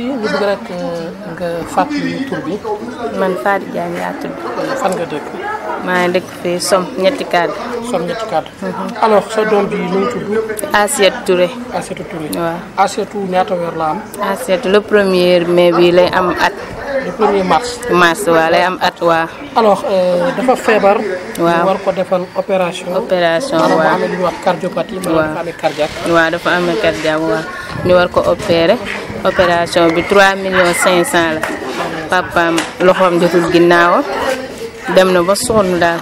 si ñu bëgg rek nga fàttali ñu tur bi man Fadi Diagne laa tudd fan nga dëkk maa ngi dëkk fii som ñetti cadre som ñetti cadre mhm. alors sa doom bi nu tudd Assiette Touré Assiette Touré waaw Assiette ñaata weer la am Assiette le premier mai bi lay am at le premier mars mars waa lay am at waa alors euh, dafa feebar waaw war ko defal opération opération waaw amee lu wax cardiopathie maanaam dafa amee cardiaque waaw dafa amee cardiaque waaw ñu war ko opérer opération bi 3 millions 500 la papaam loxoom jotul ginnaawam dem na ba sonn daal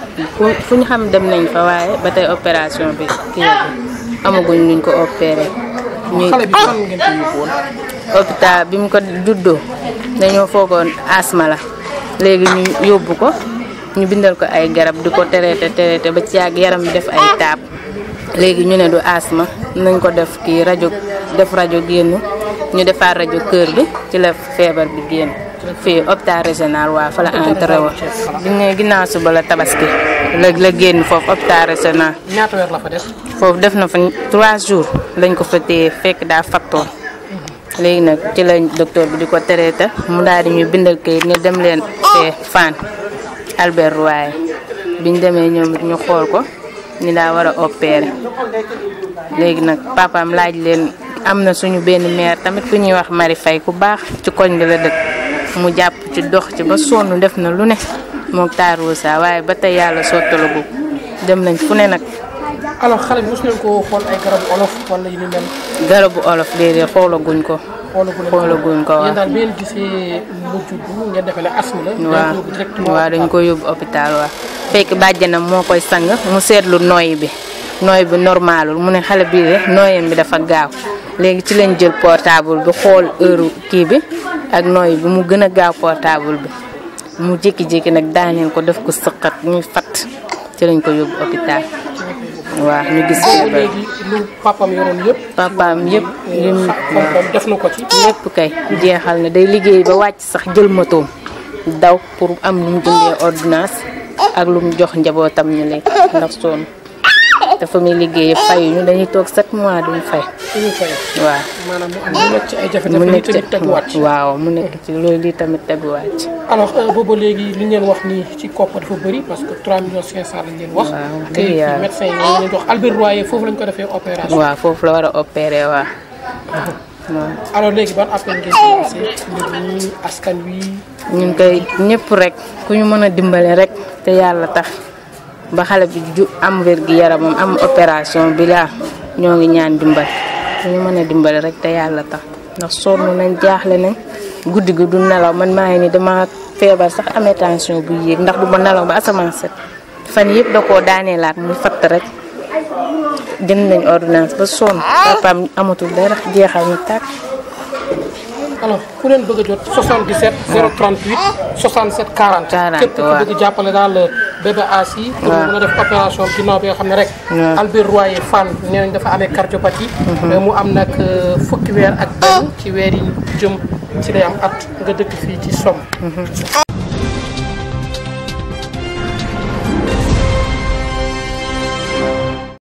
fu ñu xam dem nañ fa waaye ba tey opération bi kii amaguñ luñ ko opéré. ñuy bi mu ko juddoo dañoo foogoon asma la léegi ñu yóbbu ko ñu bindal ko ay garab di ko traité traité ba ci yàgg yaram bi def ay taab. léegi ñu ne du asma nañ ko def kii rajo def rajo génn ñu defaat rajo kër bi ci la feebar bi génn fii hôpital régional waaw fa la entré woon bi ne ginnaaw suba la tabaski la la génn foofu hôpital régional ñaata la fa def foofu def na fa trois jours lañ ko fa téye fekk daa fattoon léegi nag ci la docteur bi di ko traité mu daal di ñu bindal këyit ne dem leen fee Fann Albert Royer biñ demee ñoom ñu xool ko ni laa war a opérer léegi nag papam laaj leen am na suñu benn maire tamit ku ñuy wax Mari Fay ku baax ci koñ bi la dëkk mu jàpp ci dox ci ba sonn def na lu ne moo taaru saa waaye ba tey yàlla sottalagu dem nañ fu ne nag. alors xale bi mos ngeen garabu olof wala yu ni mel. garabu olof déedéet xoolaguñ ko. xoolaguñ ko waaw daal la. waaw dañ ko yóbbu hôpital waaw. fekk bàjjanam moo koy sang mu seetlu nooy bi nooy bi normalul mu ne xale bi de nooyam bi dafa gaaw léegi ci lañ jël portable bi xool heure kii bi ak nooy bi mu gën a gaaw portable bi mu jékki-jékki nag daaneel ko def ko sëqat ñuy fat ci lañ ko yóbbu hôpital waaw ñu gis léegi lu papaam yoroon ko ci. lépp kay jeexal na day liggéey ba wàcc sax jël motoom daw pour am lu mu jëndee ordonnance ak lu mu jox njabootam ñu lekk ndax sonn dafa muy liggéey fayu ñu dañuy toog set mois duñ fay. duñ fay maanaam mu am mu nekk ci ay jafe-jafe. waaw mu nekk ci loolu lii tamit teguwaat ci. alors euh, booba léegi li ngeen wax nii ci koppar dafa bëri parce que 3 millions 500 lañ leen wax. waaw te médecin yi ñu jox Albert Royer foofu lañ ko defee opération. waaw foofu la war a opéré waaw. Ah. Nah. alors léegi ban appel ngeen di lancé mbir askan wi ñun koy ñëpp rek ku ñu mën a dimbale rek tax ba bi ju am wér gi yaramam am opération bi laa ñoo ngi ñaan dimbal ku ñu mën a dimbale rek te yàlla tax ndax sonn nañ jaaxle nañ guddi gi du nelaw man maa ni dama feebar sax tension bu yéeg ndax du ma nelaw ba asamaan set fan yëpp da koo daaneelaat muy rek jënd nañ ordonnance ba sonn papa amatul dara jeexal ñu tàkk alors ku leen bëgg jot 77 038 67 40 képp ku bëgg jàppale daal euh, bébé as yi a def opération ginnaaw fan nee dafa amee cardiopathie mhm. euh, mu am nag euh, fukki weer ak benn at nga dëkk som mhm.